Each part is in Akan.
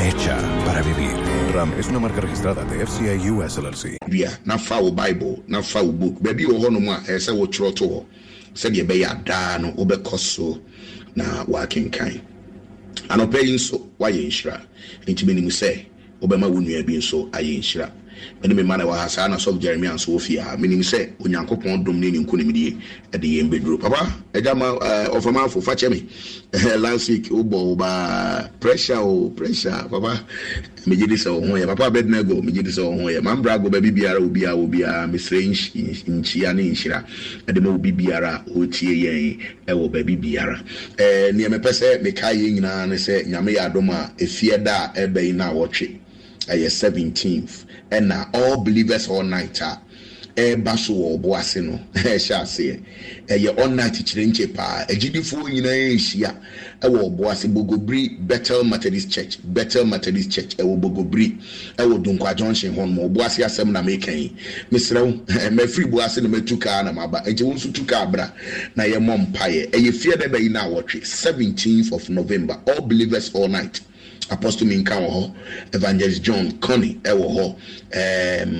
hecha para vivir. Ram es una marca registrada de FCI US LLC. Bia, na fa Bible, na fa book. Baby wo hono mu a ɛsɛ wo kyerɛ to hɔ. Sɛdeɛ ɛbɛyɛ adaa no wobɛkɔ so na wakenkan. Anɔpɛ yi nso woayɛ nhyira. Nti menim sɛ wobɛma wo nua bi nso ayɛ nhyira ɛne me ma na wɔha saa na sɔf jeremia nso wɔfie ha menim sɛ onyankopɔn dom ne ne nkonimdie ɛde yɛn bɛduro papa ɛgya ma ɔfamafo fakyɛ me last week wobɔ wo baa pressure o pressure papa megye di sɛ wo ho yɛ papa bɛdena go megye di sɛ wo ho yɛ mambra go baabi biara obiara obiara mesrɛ nhyia ne nhyira ɛde ma obi biara a ɔtie yɛn ɛwɔ baabi biara neɛ mepɛ sɛ meka yɛ nyinaa ne sɛ nyame yɛ adom a ɛfie da a ɛbɛyi no a wɔtwe ɛyɛ 17 na all believers all night a ɛreba so wɔ ɔbo ase no ɛhyɛ aseɛ ɛyɛ all night kyerɛ nkye paa agyidifoɔ nyinaa ɛrehyia ɛwɔ ɔbo ase bogobiri Bethel methodist church Bethel methodist church ɛwɔ bogobiri ɛwɔ dunkwa junction hɔ nom ɔbo ase asɛm na meka yi mesrɛ wo mafiri bo ase na matu kaa na maba nti wo nso tu kaa bra na yɛmmɔ mpaeɛ ɛyɛ fie dɛ bɛyi na awɔtwe seventeenth of november all believers all night apostle minka wɔ hɔ evangelist john conny ɛwɔ hɔ ɛɛm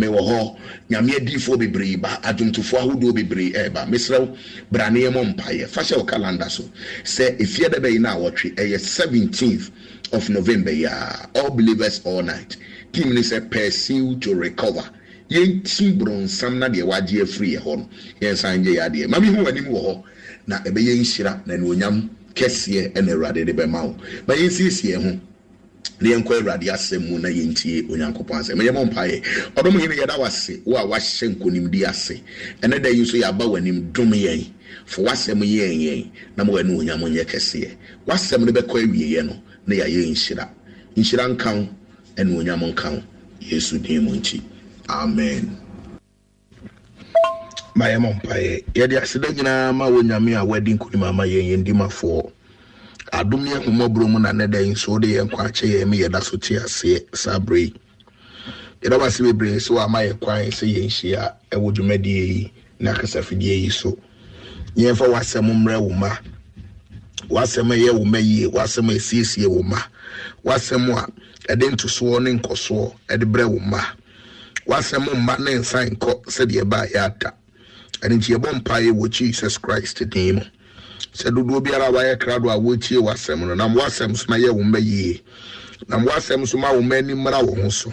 mewɔ hɔ nyame adiifoɔ bebree ba adwomtofoɔ ahodoɔ bebree ɛɛba mesrɛw bra ne yɛmɔ mpaeɛ fa hyɛ wo calendar so sɛ efie da bɛyi no a ɛyɛ seventeenth of november yi a all believers all night team ni sɛ pursue to recover yɛnti borɔnsam na deɛ wagye afiri yɛ hɔ no yɛnsan nyɛ yɛ adeɛ ma mehu w'anim wɔ hɔ na ɛbɛyɛ nhyira na anuonyam kɛseɛ ɛna awurade de bɛma wo na yɛnsiesie ho na yɛnkɔ awurade asɛm mu na yɛntie onyankopɔn asɛm ɛyɛ mɔ mpaeɛ ɔdɔm hene yɛda wase wo a wahyɛ nkonimdi ase ɛnɛ da yi nso yɛaba w'anim dom yɛn fo wasɛm yɛn yɛn na ma w'ani onyam nyɛ kɛseɛ wasɛm no bɛkɔ awieɛ no na yɛayɛ nhyira nhyira nka wo ɛne onyam nka wo yesu din mu nti amen ma yɛ mɔ mpaeɛ yɛde aseda nyinaa ma wɔ nyame a wadi nkonim ama yɛn yɛn dimafoɔ adom ne ahomɔborɔ mu na ne dɛn nso wode yɛn kɔ akyɛ yɛn me yɛda so te aseɛ saa berɛ yi yɛda wase bebree sɛ wɔama yɛ kwan sɛ yɛnhyia ɛwɔ dwumadie yi ne akasafidie yi so yɛmfa w'asɛm mmerɛ wo ma w'asɛm ɛyɛ wo ma yie w'asɛm asiesie wo ma w'asɛm a ɛde ntosoɔ ne nkɔsoɔ ɛde brɛ wo ma w'asɛm mma ne nsa nkɔ sɛdeɛ ɛbaa yɛ ada ɛno nti yɛbɔ mpaeɛ wɔ jesus christ din mu sɛ dodoɔ biara wayɛ krado a wɔtie w'asɛm no nam w'asɛm so na yɛ wo mma yie nam w'asɛm so ma wo mma ani mmra wo ho so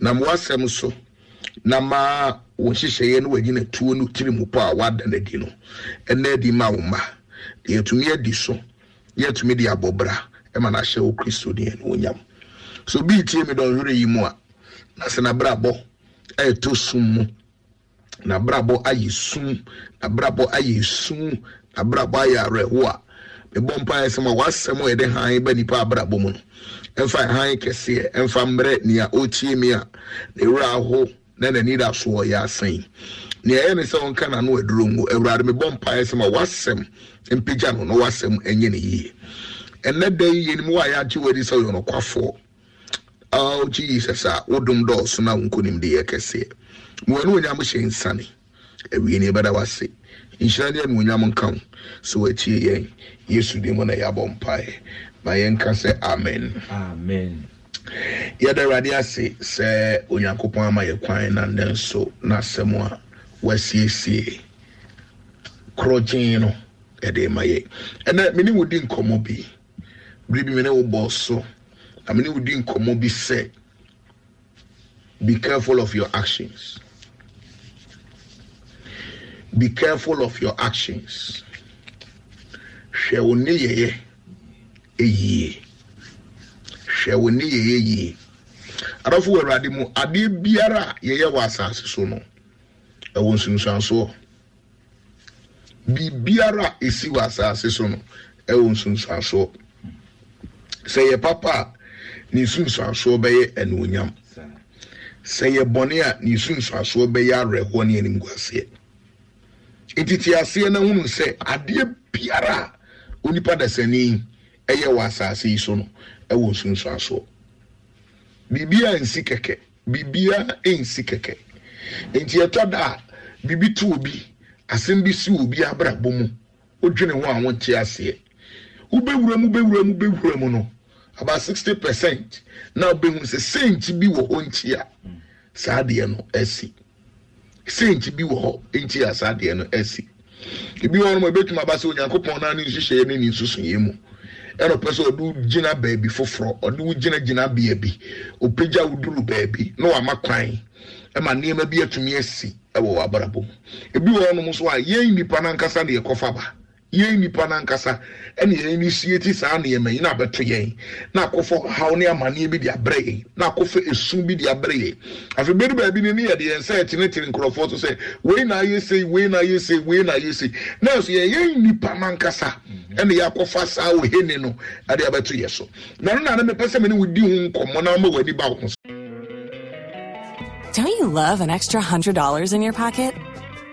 nam w'asɛm so na ma wo nhyehyɛeɛ no w'anyina tuo no tiri mu pɔ a wada no adi no ɛna adi ma wo mma deɛ yɛtumi adi so yɛtumi de abɔ bra ɛma no ahyɛ wo kristo ne ɛne onyam so bii tie me dɔnhwerɛ yi mu a na sɛ nabrabɔ ɛyɛ to sum mu n'abrabɔ ayi sum n'abrabɔ ayi sum n'abrabɔ ayi awerɛho a mebɔ mpa yɛ sɛm a wasɛm a yɛde han bɛ nipa abrabɔ mu no ɛmfa han kɛseɛ ɛmfa mmerɛ nea ɔtie mi a ne wura aho na n'ani da so ɔyɛ asɛn nea ɛyɛ ne sɛ ɔnka n'ano aduro ngo awurade mebɔ mpa yɛ sɛm a wasɛm mpagya no na wasɛm ɛnyɛ ne yie ɛnɛ da yi yɛnim wɔ a yɛagye w'adi sɛ ɔyɛ ɔnokwafoɔ ao jesus a wodom dɔɔso na a wo nkonimdeɛ kɛseɛ wɔne onyam hyɛ nsane awie ne ɛbɛda wase nhyira ne anuonyam nka wo sɛ watie yɛn yesu din mu na yɛabɔ mpaeɛ ma yɛnka sɛ amen amen yɛda awurade ase sɛ onyankopɔn ama yɛ kwan na nso n'asɛm a wasiesie korɔgyee no yɛde ma yɛ ɛnɛ mene wo di nkɔmmɔ bi bere bi mene wo bɔɔ so na mene wo di nkɔmmɔ bi sɛ be careful of your actions be careful of your actions hwɛ wo ne yɛyɛ hwɛ wo ne yie adɔfo wɔ awurade mu adeɛ biara a yɛyɛ wɔ asase so no ɛwɔ nsunsuansoɔ biribiara a ɛsi wɔ asase so no ɛwɔ nsunsuansoɔ sɛ yɛ papa a ne nsunsuansoɔ bɛyɛ anuonyam sɛ yɛ bɔne a ne nsunsuansoɔ bɛyɛ awerɛhoɔ ne animguaseɛ ɛtete aseɛ no hunu sɛ adeɛ biara a onipa dasani ɛyɛ wɔ asase yi so no ɛwɔ nsunsuasoɔ biribia nsi kɛkɛ biribia nsi kɛkɛ nti ɛtɔ da a biribi to obi asɛm bi si obi abrabɔ mu odwene ho a wɔnte aseɛ wobɛwura mu bɛwura mu bɛwura mu no about sixty percent na wobɛhu sɛ sɛnkyi bi wɔ hɔ nkyi a saa adeɛ no asi. E sèǹtì bi wɔ hɔ nti asa deɛ no ɛsi ebi wɔn mo ebetuma aba sɛ onyankopɔn naa ne nhyehyɛ ne ne nsusunyɛ mu ɛna ɔpɛ sɛ ɔde gyina baabi foforɔ ɔde gyina gyina bea bi ɔpagya woduru baabi na wama kwan ɛma nneɛma bi atumi asi ɛwɔ wɔ abrabɔ ebi wɔn mo nso a yɛn nipa nankasa deɛ kɔfa ba. yɛn nipa nankasa ɛna yɛn ni sie ti saa nneɛma yi na abɛto yɛn na akɔfɔ haw ne amaneɛ bi de abrɛ yɛn na akɔfɔ esu bi de abrɛ yɛn afei bɛri baabi ne ne yɛ de yɛn nsa ɛtenetene nkurɔfoɔ so sɛ wei na ayɛ sei wei na ayɛ sei wei na ayɛ sei nɛɛso yɛ yɛn nipa nankasa mhm. ɛna yɛ akɔfa saa ohene no ɛde abɛto yɛ so na no na ne mepɛ sɛ mene wodi ho nkɔmmɔ na ɔma w'ani ba wo ho Don't you love an extra hundred dollars in your pocket?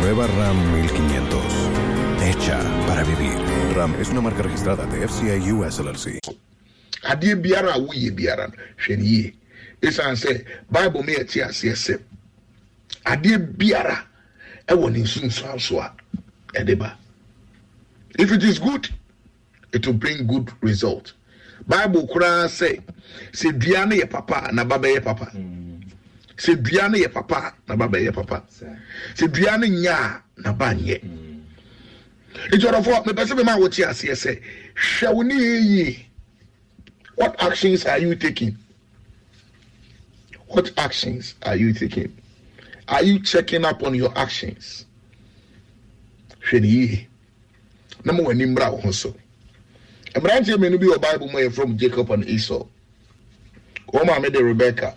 Nueva RAM 1500. Hecha para vivir. RAM es una marca registrada de FCI US LLC. adeɛ biara a ye biara no hwɛ ne yie ɛsiane sɛ bible ma yɛte aseɛ sɛ adeɛ biara ɛwɔ ne nsunsuan so a ɛde ba if it is good it will bring good result bible koraa sɛ sɛ dua no yɛ papa na ba bɛyɛ papa mm sɛ dua no yɛ papa a naba bɛyɛ papa sɛ dua no nyɛ a naba nyɛ nti ɔdɔfoɔ mepɛ sɛ mema wote aseɛ sɛ hwɛ wo ne yɛyie what actions are you taking what actions are you taking are you checking up on your actions hwɛ ne yie na ma w'ani mmra wo ho so mmeranteɛ mmienu bi wɔ bible mu yɛ from jacob and esau wɔn maame de rebecca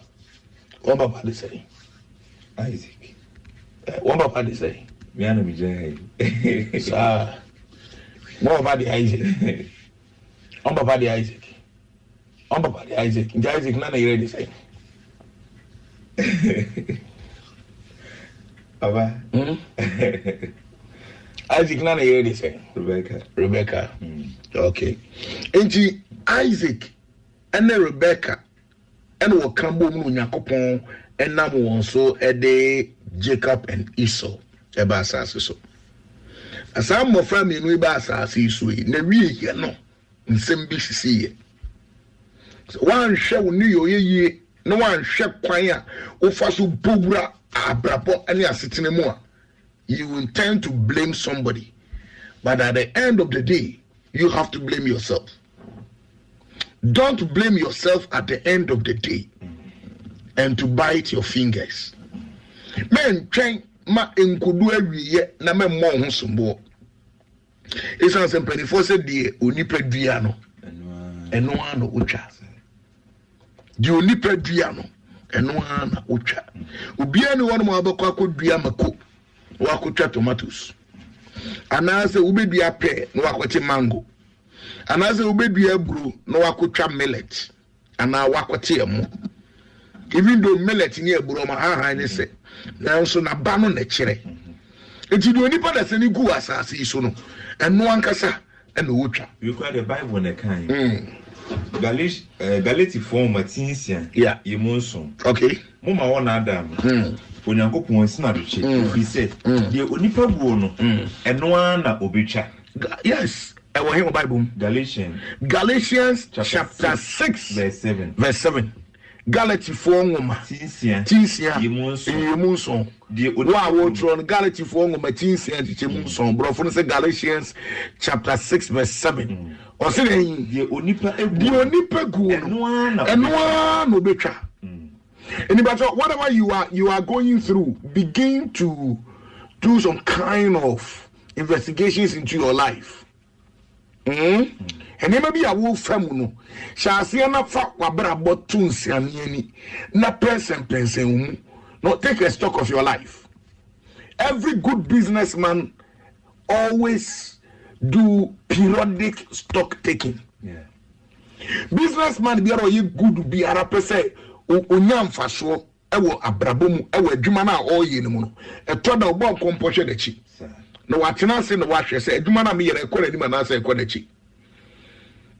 wọn bàbá de sẹyìn. Isaac. Eh, wọn bàbá de sẹyìn. mi àná mi jẹ ẹyìn. sáà wọn bàbá de Isaac wọn bàbá de Isaac wọn bàbá de Isaac nti Isaac náà nà yẹrẹ de sẹyìn. baba. Mm? Isaac náà na yẹrẹ de sẹyìn. Rebecca. Rebecca. Mm. okay nti Isaac ẹnna Rebecca ɛna wɔka bom no onyankopɔn ɛnam wɔn so ɛde jacob and esau ɛba asase so na mmɔfra mmienu ba asase so yi na wie yɛ no nsɛm bi sisi yɛ wanhwɛ wo ne yɛ ɔyɛ yie na wanhwɛ kwan a wofa so bowura abrabɔ ne asetena mu a you will to blame somebody but at the end of the day you have to blame yourself Don't blame yourself at the end of the day and to bite your fingers. Mentwɛn ma nkudu awie na mɛmmɔ ho somboɔ. Esan sɛ mpanimfoɔ sɛ deɛ onipa dua no ɛno ara na otwa. Deɛ onipa dua no ɛno ara na otwa. Obiara ni wɔn mu abɛkɔ akɔdua mako na wakɔtwa tomatoes. Anaasɛ wobɛdua pɛɛ na wakɔte mango. anaasɛ wobɛdua eburu na wakɔtwa millet ana wakɔte ɛmo even though millet nye eburu ma ahan ne sɛ nanso n'aba no na kyerɛ nti deɛ onipa da sɛ ne gu asase yi so no ɛno ankasa ɛna wotwa yɛkura the bible na kan hmm. eh, galatifoɔ ma ti nsia yɛ mu nson mo ma wɔ n'ada mu hmm. onyankopɔn sin adokye ofiri hmm. deɛ onipa guo no ɛno ara na obetwa yes ɛwɔ hin wɔ bible mu galatians galatians chapter six verse seven verse seven galatifoɔ nwoma tinsia yiemu nson wo a wɔtwerɛ no galatifoɔ nwoma tinsia kyekyɛ mu mm. nson borɔfo no sɛ galatians chapter six verse seven mm. ɔsɛ dɛ yi deɛ onipa guo no ɛno ara na obɛtwa mm. nibatɔ whatever you are you are going through begin to do some kind of investigations into your life. Hmm? nneɛma bi a wofa mu no hyɛ aseɛ na fa wabrabɔ to nsianeɛ ni na pɛnsɛmpɛnsɛn mu no take a stock of your life every good businessman always do periodic stock taking yeah. businessman biara ɔyɛ good biara pɛ sɛ onya mfasoɔ ɛwɔ abrabɔ mu ɛwɔ adwuma no a ɔreyɛ no mu no ɛtɔ da ɔbɔ nkɔmpɔhwɛ n'akyi. na watena ase na wahwɛ sɛ adwuma no a meyɛ no ɛkɔ n'anim anaasɛ ɛkɔ n'akyi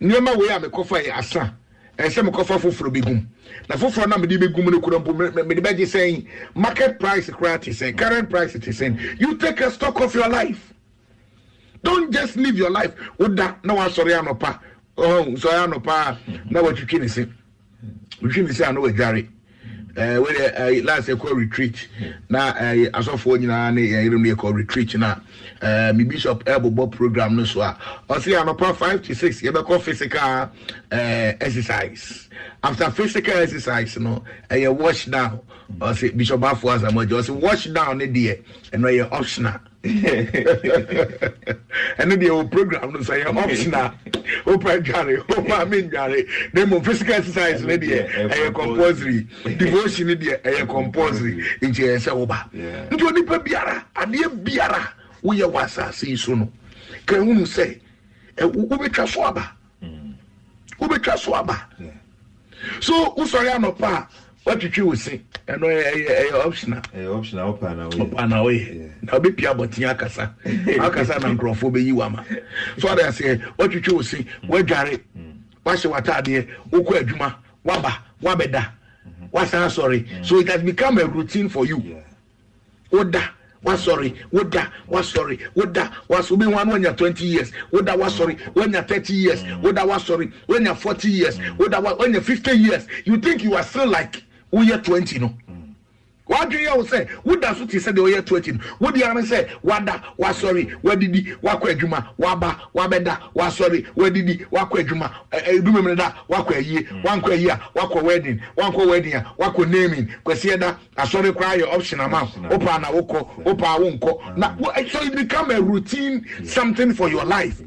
nneɛma wei a mekɔfa yɛ asa ɛsɛ mekɔfa foforɔ bɛgum na foforɔ no a mede bɛgum no kora mpo mede bɛgye sɛn market price koraa te sɛn current price te sɛn you take a stock of your life don't just live your life woda na wasɔre anɔpa nsɔre anɔpa a na watwitwi ne se wotwi ne se a na wadware Eh, wede eh, last ɛkɔ retreat na eh, asɔfoɔ nyinaa ne yɛyere no yɛkɔ retreat na me bishop ɛbobɔ program no so a ɔse anɔpa five to six, 6 yɛbɛkɔ physical exercise after physical exercise no ɛyɛ wash down ɔse bishop afoɔ asamagya ɔse wash down ne deɛ ɛno ɛyɛ optional ɛno deɛ wɔ program no sɛ yɛ optional wopɛ dware wopɛ ame ndware na mmom physical exercise no deɛ ɛyɛ compulsory devotion no deɛ ɛyɛ compulsory nti ɛyɛ sɛ woba nti onipa biara adeɛ biara woyɛ wɔ asase yi so no ka hunu sɛ wobɛtwa so aba mm. wobɛtwa so aba so wosɔre anɔpa a watwitwi wo se ɛno ɛyɛ optional ɔpa na woyɛ na wobɛpia abɔtea akasa akasa na nkurɔfoɔ bɛyi wo ama so ade aseɛ watwitwi wo se mm. woadware mm. wahyɛ watadeɛ wokɔ adwuma waba wabɛda mm-hmm. wasan asɔre mm. so it has become a routine for you woda yeah. wasɔre woda wasɔre woda wasɔre obi wọn wọnyà twenty years woda wasɔre wọnyà thirty years woda wasɔre wọnyà forty years woda wọnyà fifty years you think you are still like woyɛ twenty no wadwene yɛ wo sɛ woda so te sɛ deɛ ɔyɛ 20 no wode ane sɛ wada wasɔre wadidi wakɔ adwuma waba wabɛda wasɔre wadidi wakɔ adwuma dumemene da wakɔ ayie mm. wankɔ ayie a wakɔ wedding wankɔ wedding a wakɔ naming kwasiɛ da asɔre koraa yɛ option ama wopaa na wokɔ wopaa wonkɔ mm. na so it become a routine something for your life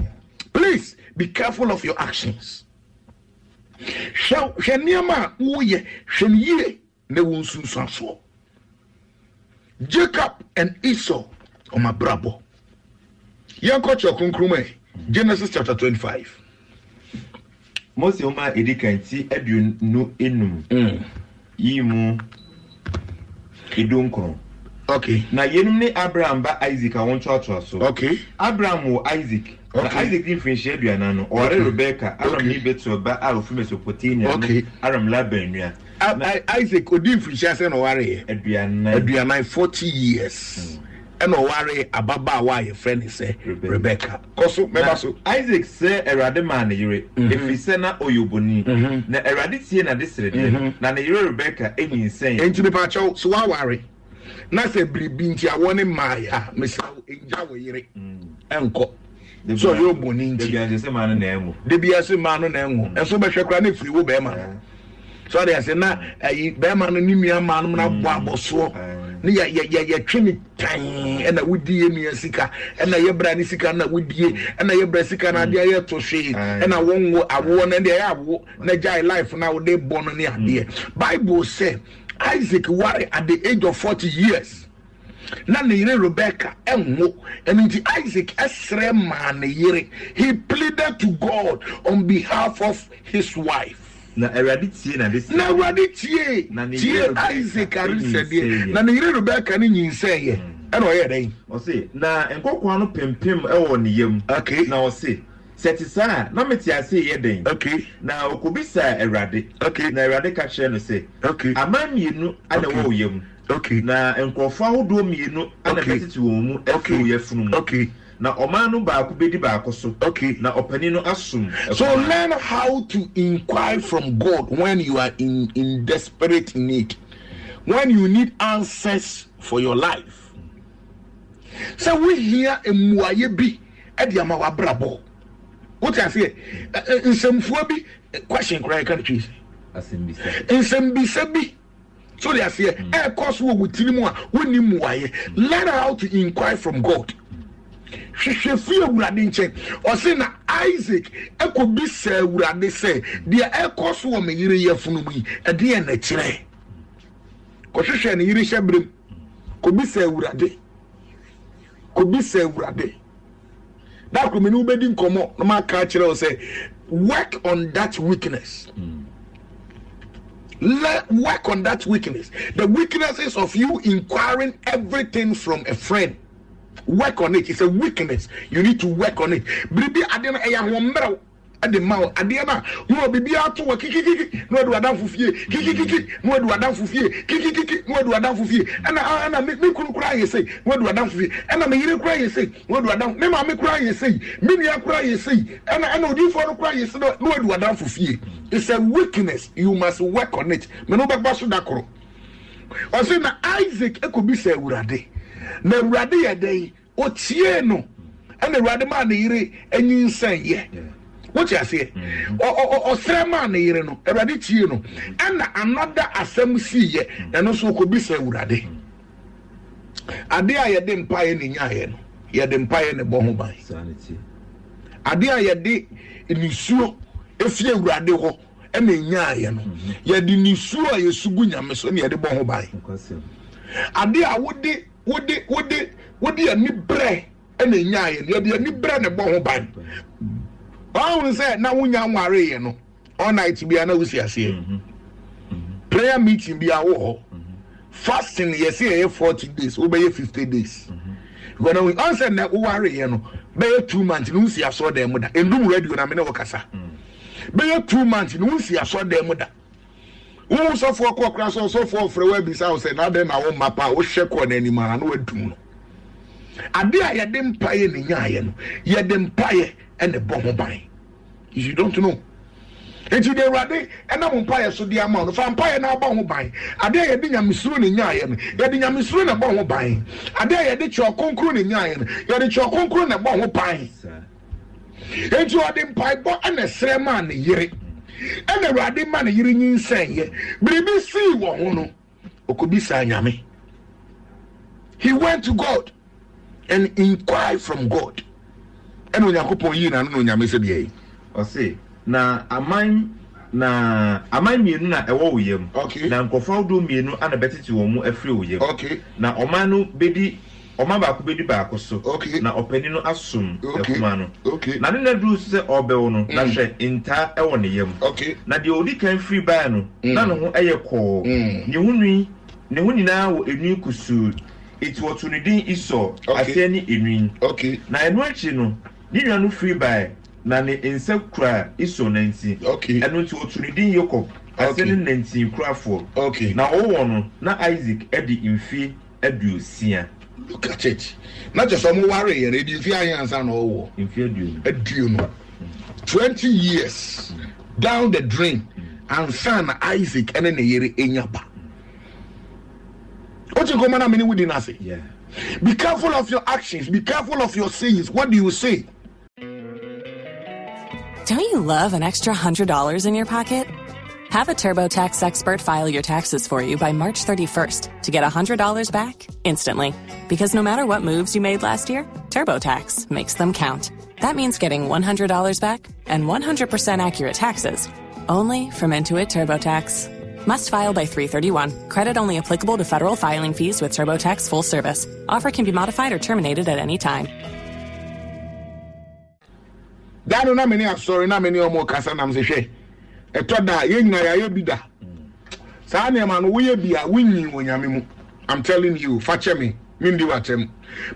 please be careful of your actions hwɛ hwɛ nneɛma a woyɛ hwɛ ne yie na wo nsunsuasoɔ jacob and esau ɔma brabɔ yɛnkɔ kyerɛ kronkrom ɛ genesis chapter 25 mose woma a ɛdi kan ti aduonu enum mm. yi mu edu nkron Ok Na yenim ne Abraham ba Isaac a wọn twatwa so. Abraham wɔ Isaac. Na Isaac di mfinhyia aduana no, ɔre Rebecca, Aram okay. ne ba a ofi Mesopotamia okay. Aram Laban nua. Isaac odi mfinhyia sɛ na ɔware years. Hmm. Ɛna mm. ababaawa a yɛfrɛ ne Rebecca. Isaac maa ne mhm. Efi na mhm. Na tie na sere mhm. Na ne yere Rebecca so na sɛ biribi nti awɔ ne maa yɛ a mesra ngya yere mm. ɛnkɔ so yɛ ɔbɔ nti debi ɛso maa no na ɛnwo ɛso mm. bɛhwɛ koraa ne firi wo bɛrima no so ɔde na ayi bɛrima no ne maa no na mm. bɔ abɔsoɔ ne yɛ yɛ yɛ yɛtwe ne tan ɛna nua sika ɛna yɛbra ne sika na wodie ɛna yɛbra sika na adeɛ yɛ hwee ɛna wɔn na awoɔ na life na wɔde bɔ no ne adeɛ isaac ware at the age of forty years na ne yere rebecca ɛnwo ɛnu nti isaac ɛsrɛ maa ne yere he pleaded to god on behalf of his wife. na awurade tie na de tie na awurade tie tie isaac arisɛdeɛ na ne yere rebecca ne nyinsɛn yɛ mm. ɛna ɔyɛ dɛ. ɔsi na nkɔkɔɔ ano pimpim ɛwɔ ne yam. okay na ɔsi sɛ te saa na ase yɛ den okay. na okobi sa awurade okay. na awurade ka kyerɛ no sɛ okay. aman mmienu ana okay. wɔwɔ yɛ mu okay. na nkurɔfo ahodoɔ mmienu ana okay. bɛtete wɔn mu afiri wɔyɛ funu mu okay. na ɔman no baako bɛdi baako so okay. na ɔpanin no asom so learn how to inquire from god when you are in, in desperate need when you need answers for your life sɛ wohia mmuayɛ bi ɛde ama w'abrabɔ wote aseɛ uh, uh, nsɛmfuo bi uh, question koraa yɛka no nsɛmbisa bi so de aseɛ ɛɛkɔ so wɔ wo tiri mu a wonni hmm. learn how to inquire from god hwehwɛ fi awurade nkyɛn ɔse na isaac ɛkɔbi eh, sɛ awurade sɛ deɛ eh, me yere yɛ yi ɛdeɛ n'akyerɛ kɔhwehwɛ ne that could mean ubedi nkomo no ma ka kyerɛ say, work on that weakness mm. Let work on that weakness the weaknesses of you inquiring everything from a friend work on it it's a weakness you need to work on it biribi adi no ɛyɛ ahoɔmmerɛw ɛde ma wo adeɛ na wo bibi ato wɔ kikikiki na wɔde wadanfo fie kikikiki na wɔde wadanfo fie kikikiki na wɔde wadanfo fie ɛna ɛna me me kuru kura ayɛ sei na wɔde wadanfo fie ɛna me yere kura ayɛ sei na wɔde wadanfo me maame kura ayɛ sei me nua kura ayɛ sei ɛna ɛna odiifoɔ no kura ayɛ sei na wɔde wadanfo fie it's a weakness you must work on it mɛ no bɛgba so da koro ɔsɛ na isaac ekobisa awurade na awurade yɛ dɛ otie no ɛna awurade maa na yere enyinsɛn yɛ. Yeah. wotu aseɛ ɔsrɛ maa ne yere no awurade tie no mm-hmm. ɛna anada asɛm sii yɛ mm-hmm. ɛno nso kɔbi sɛ awurade mm-hmm. adeɛ a yɛde mpaeɛ ne nyaeɛ no yɛde mpaeɛ ne bɔ ho ban adeɛ a yɛde nisuo efie awurade hɔ ɛna nyaeɛ no yɛde nisuo a yɛsu gu nyame so na yɛde bɔ ho ban adeɛ a wode wode wode wode ani brɛ ɛna nyaeɛ no yɛde ani brɛ ne bɔ ho ban. ɔhun sɛ na wonya nware yɛ no na-eti bia na wosi aseɛ mm-hmm. mm-hmm. prayer meeting bi awo hɔ fasting yɛsi ɛyɛ forty days fifty days gbɔdɔ mm-hmm. ọ ɔnsɛ na woware ya no bɛyɛ two months na wosi asọ dɛm mu da redio na two months na wosi asọ dɛm mu da wɔn sɔfoɔ na adɛ na mapa a ade a yɛde mpaeɛ ne nyaayɛ no yɛde mpaeɛ ɛna bɔ ho ban you don't know nti de awurade ɛnam mpaeɛ so de ama no fa mpaeɛ na ɔbɔ ho ban ade a yɛde nyamesuro ne nyaayɛ no yɛde nyamesuro na ɛbɔ ho ban ade a yɛde kyerɛ ɔkonkoro ne nyaayɛ no yɛde kyerɛ ɔkonkoro na ɛbɔ ho ban nti ɔde mpaebɔ ɛna ɛsrɛ maa ne yere ɛna awurade ma ne yere nyinsɛnyɛ biribi sii wɔ ho no ɔkɔbisaa nyame he went to god and inquire from god ɛna onyankopɔn yii n'ano na onyame sɛ deɛ yi. ɔse na aman na aman mmienu na ɛwɔ wo yam okay. na nkurɔfoɔ ahodoɔ mmienu ana bɛtete wɔn mu afiri wo yam okay. na ɔman no bedi ɔma baako bedi baako so okay. na ɔpanin no asom ɛkuma no na ne naduru so sɛ ɔbɛ wo no na hwɛ ntaa ɛwɔ ne yam na deɛ odi kan firi baa no na mm. ne ho ɛyɛ kɔɔ mm. ne ho nwi ne ho nyinaa wɔ enwi kusuu eti wɔto ne din isɔ aseɛ ne enwin na ɛno akyi no ne nua no firi bae na ne nsa kura isɔ nanti ɛno nti wɔto ne din yakob aseɛ ne nanti kurafoɔ na ɔwɔ no na isaac ɛde mfie aduosia. look at it na kyerɛ sɛ ɔmo ware yɛ no ɛdi mfe ayɛ ansa na ɔwɔ mfe aduonu twenty years mm. down the drain ansa na isaac ɛne ne yere ɛnya e ba. What you command meaning within us? Yeah. Be careful of your actions. Be careful of your sayings. What do you say? Don't you love an extra hundred dollars in your pocket? Have a TurboTax expert file your taxes for you by March 31st to get $100 back instantly. Because no matter what moves you made last year, TurboTax makes them count. That means getting $100 back and 100% accurate taxes only from Intuit TurboTax. Must file by 331. Credit only applicable to federal filing fees with TurboTax full service. Offer can be modified or terminated at any time. Dano na mini asori na mini omo kasa na msehwe. Eto da ye nyina ya ye bida. Saa ne ma no wo ye bia winyi onyame mu. I'm telling you, fache me. Mindi watem.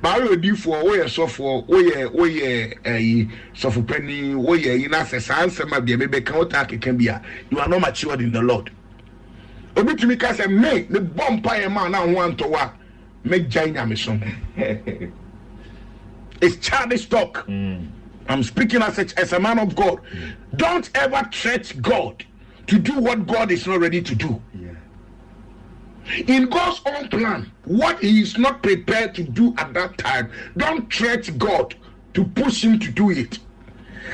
Ba wo di fo, wo ye sofo, wo ye wo ye eh sofo pani, wo ina se sansa ma bia me kan o ta You are not matured in the Lord. obi tumi ka sɛ me ne bɔ mpa yɛn ma na ho antɔ a mɛgya nyame so it's childish talk mm. i'm speaking as a, as a man of god mm. don't ever threat god to do what god is not ready to do yeah. in god's own plan what he is not prepared to do at that time don't threat god to push him to do it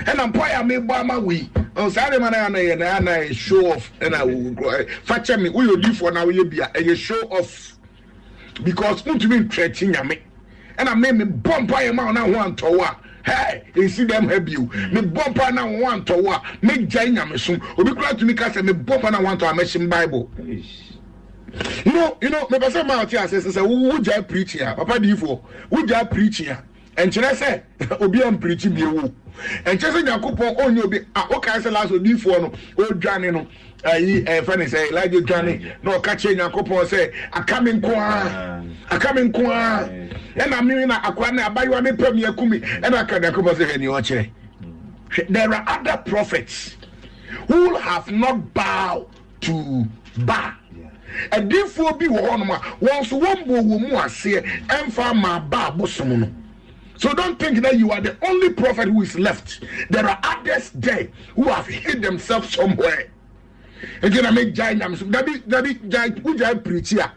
ɛna mpo a mebɔ ama wei saa de ma no ana yɛ na ana show off ɛna fa kyɛ me woyɛ odifoɔ na woyɛ bia ɛyɛ show off because wontumi ntrɛkyi nyame ɛna me mebɔ mpa yɛ ma wo na ho antɔwo a hey you see them help you. me bɔ mpa na wo me a megyae nyamesom obi to me ka sɛ mebɔ mpa na want to a mɛhyem bible You know, you know mepɛ sɛ ma wote asɛ sɛ Who wogyae preach here? papa for. Who wogyae preach here? nkyerɛ sɛ obi a mpirikyi bie wo nkyerɛ sɛ nyankopɔn ɔnyɛ obi a ɔkae sɛ last odiifoɔ no ɔdwane no ayi ɛfɛ ne sɛ elagye dwane na ɔka kyerɛ nyankopɔn sɛ aka me nko ara aka me nko ara ɛna me na akora ne abayewa ne pɛ me akumi ɛna aka nyankopɔn sɛ hɛ ne ɔkyerɛ there are other prophets who have not bowed to Baal ɛdiifoɔ bi wɔ hɔnom a wɔn nso wɔn bɔ wɔn mu aseɛ ɛnfa ma Baal bosom no. So don't think that you are the only prophet who is left. There are others there who have hid themselves somewhere. Again, I make giant. Dabi giant who giant preacher.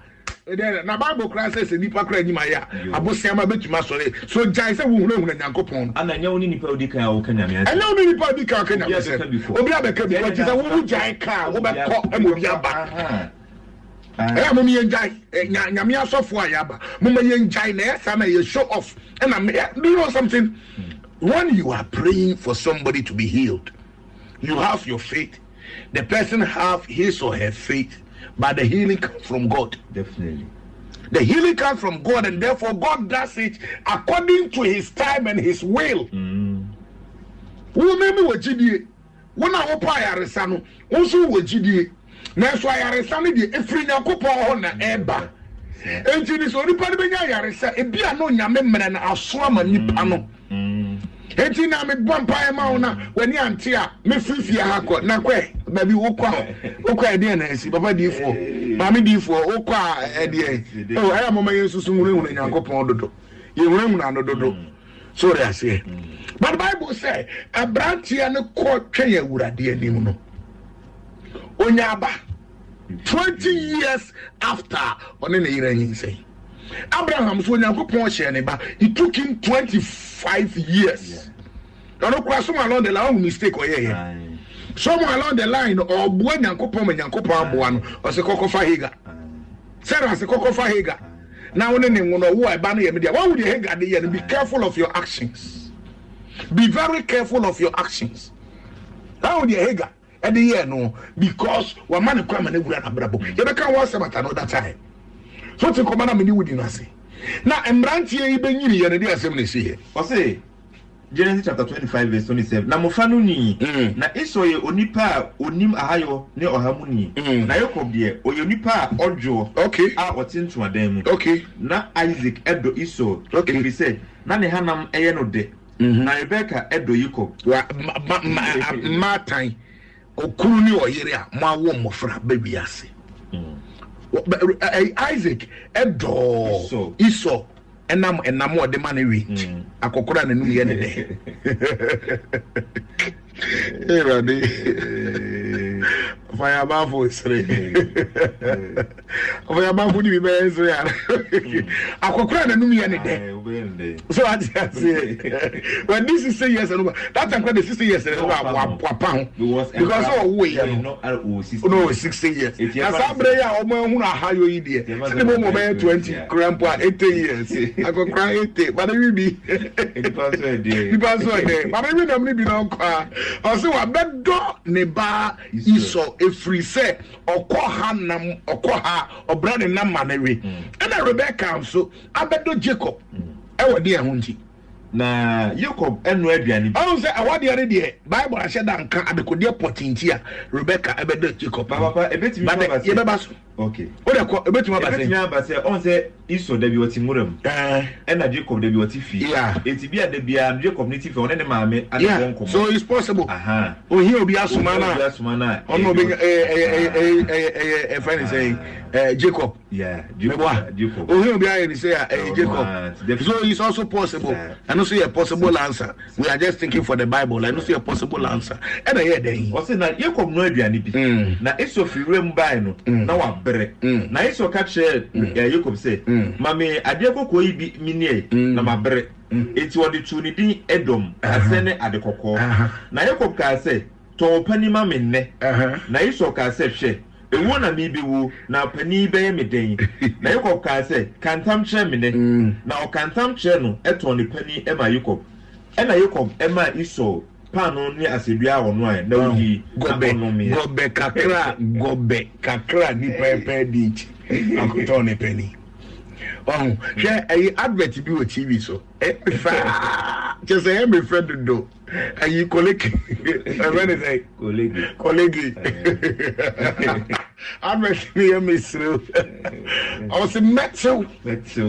Eh, na bible kora sɛ sɛ nipa kora anim ayɛ a aboseama bɛtumi asɔre so gyae sɛ wohunahuna nyankopɔn ɛnyɛ wo ne nipa odi kan a woka nyame sɛ obi abɛka bi ɔti sɛ wowo gyae ka a wobɛkɔ ma obi aba ɛyɛ mom yɛngyae nyame asɔfoɔ a yɛaba moma yɛngyae na ɛyɛ saa na yɛ show off And I'm, do you know something? Hmm. When you are praying for somebody to be healed, you have your faith. The person have his or her faith, but the healing comes from God. Definitely. The healing comes from God, and therefore God does it according to His time and His will. Wọ́n mi wọ jídìí, wọ́n no, wọ́n nso wọ jídìí, náà nso àyàrẹ́sá no deɛ efiri nyakopɔn hɔ na ɛɛba. Mm -hmm. enti ni sɛ onipa no bɛnya ayaresa ebi a na onyame mmerɛ no aso ama nipa no enti na mebɔ mpaeɛ ma wo no w'ani ante a mefirifie ha kɔ na kɔɛ baabi wokɔ a wokɔ a ɛdeɛ na asi papa diifoɔ maame diifoɔ wokɔ a ɛdeɛ ɛyɛ a mɔma yɛ nsusu nwunahuna nyankopɔn dodo yɛwunahuna no dodo so ɔde aseɛ but bible sɛ aberanteɛ no kɔ twɛn awurade anim no aba. twenty years after ɔne ne yere yin sɛn abraham so onyankopɔn hyɛ ne ba it took him twenty five years ɔno kora some along the line ɔmo mistake ɔyɛ yɛ some along the line ɔboa nyankopɔn ma nyankopɔn aboa no ɔsɛ kɔkɔ fa hega sarah sɛ kɔkɔ fa hega na wɔn ne nwono ɔwo a ɛba no yɛ mi deɛ wɔn wuli hega de yɛ no be careful of your actions be very careful of your actions wɔn wuli hega. ɛde yɛ no because wama ne kwan ma ne wura n'abrabɔ yɛbɛka wɔn asɛm ata no that time so ti kɔma na mi ni no ase na mmeranteɛ yi bɛ nyiri yɛ no de asɛm na esi yɛ. ɔsi genesis chapter twenty five verse twenty seven na mmɔfra no nii na esau yɛ onipa a onim ahayɔ ne ɔha mu nii mm. na yakob deɛ ɔyɛ onipa a ɔdwoɔ okay. a ɔte ntomadan mu okay. na isaac ɛdɔ esau okay. efi sɛ na ne hanam ɛyɛ no dɛ mm-hmm. na rebeka ɛdɔ yakob. wa ma ma ma, ma, ma, ma, ma, ma, ma, ma tan. okuru ne ɔyere a mo awo mmɔfra baabi ase hmm. eh, eh, isaac ɛdɔɔ isɔ ɛnam ɛnam a ɔde ma ne wi hmm. akɔkora n'anum yɛ ne dɛ fayabafo sere fayabafo ni bi bɛ sere ara akɔkora na num yɛ ne dɛ ah, so ati ase wa di sise yɛ sɛ nuba that time kora de sise yɛ sɛ nuba wa wa pan because ɔwo yɛ no oh, no sise yɛ na saa bere yi a ɔmo ehun ahayo yi deɛ sani mo mo bɛyɛ twenty kora mpo a eighty years akɔkora eighty bana wi bi nipa sɔ yɛ dɛ bana wi dɛm ni bi na ɔkɔ a ɔsi wa bɛ dɔ ne ba esau efiri sɛ ɔkɔ ha nam ɔkɔ ha ɔbra ne nam ma ne we mm. ɛna rebeka nso abɛdɔ jacob mm. ɛwɔ deɛ ho nti na yakob ɛnu aduane bi. ɔn sɛ awadeɛ no deɛ baibu ahyɛ da nka adekodeɛ pɔtinti a rebeka ɛbɛda jacob. papa ebetumi abasa yi yɛbɛba so. ok o de kɔ ebetumi abasa yi. ebetumi abasa yi ɔn sɛ iso dabi ɔti nwura mu. ɛna jacob dabi ɔti fi. eti bi a dabi a jacob ne ti fi ɔne ne maame adi wɔn kɔmɔ. so it's possible. ohin obi asoma na ɔno obi ɛyɛ ɛyɛ ɛyɛ ɛfɛn ne sɛn ɛɛ jacob. mɛbɔ Jacob. ohin obi ayɛ ne sɛ ɛyɛ eh, oh, jacob so it's also possible ɛno see a possible answer we are just thinking for the bible I ɛno see a possible answer And I hear them. ɔsè na yɛ kɔ mu aduane bi mm. na esu ofiri wura mu no mm. na wa brɛ mm. na esu ɔka kyerɛ eh, yɛ kɔ sɛ maame adeɛ kɔkɔɔ yi bi mi nie na ma brɛ eti wɔde tu ne din edom ase ne ade kɔkɔɔ na yɛ kɔ kaa sɛ tɔn panim amennɛ na esu ɔka sɛ hwɛ. ewu na mi wu na panin bɛyɛ mi den na yɛkɔ kaa sɛ kantam kyerɛ mi nɛ mm. na ɔkantam kyerɛ no ɛtɔn ne panin ɛma yɛkɔ ɛna yɛkɔ ɛma isɔ paano ne asedua a ɔno ayɛ na oyi akɔnɔmiɛ gɔbɛ kakra gɔbɛ kakra nipa ɛpɛ di akutɔ ne panin. ɔho hwɛ ɛyɛ advert bi wɔ tv so ɛyɛ faa kyɛ sɛ ɛyɛ mefrɛ dodo ɛyɛ kolegi ɛfɛ ne sɛ kolegi kolegi advert ni yɛ mesrew ɔwɔ sɛ mɛtew mɛtew